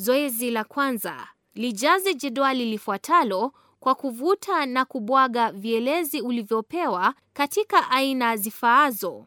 Zoezi la kwanza, lijaze jedwali lifuatalo kwa kuvuta na kubwaga vielezi ulivyopewa katika aina zifaazo.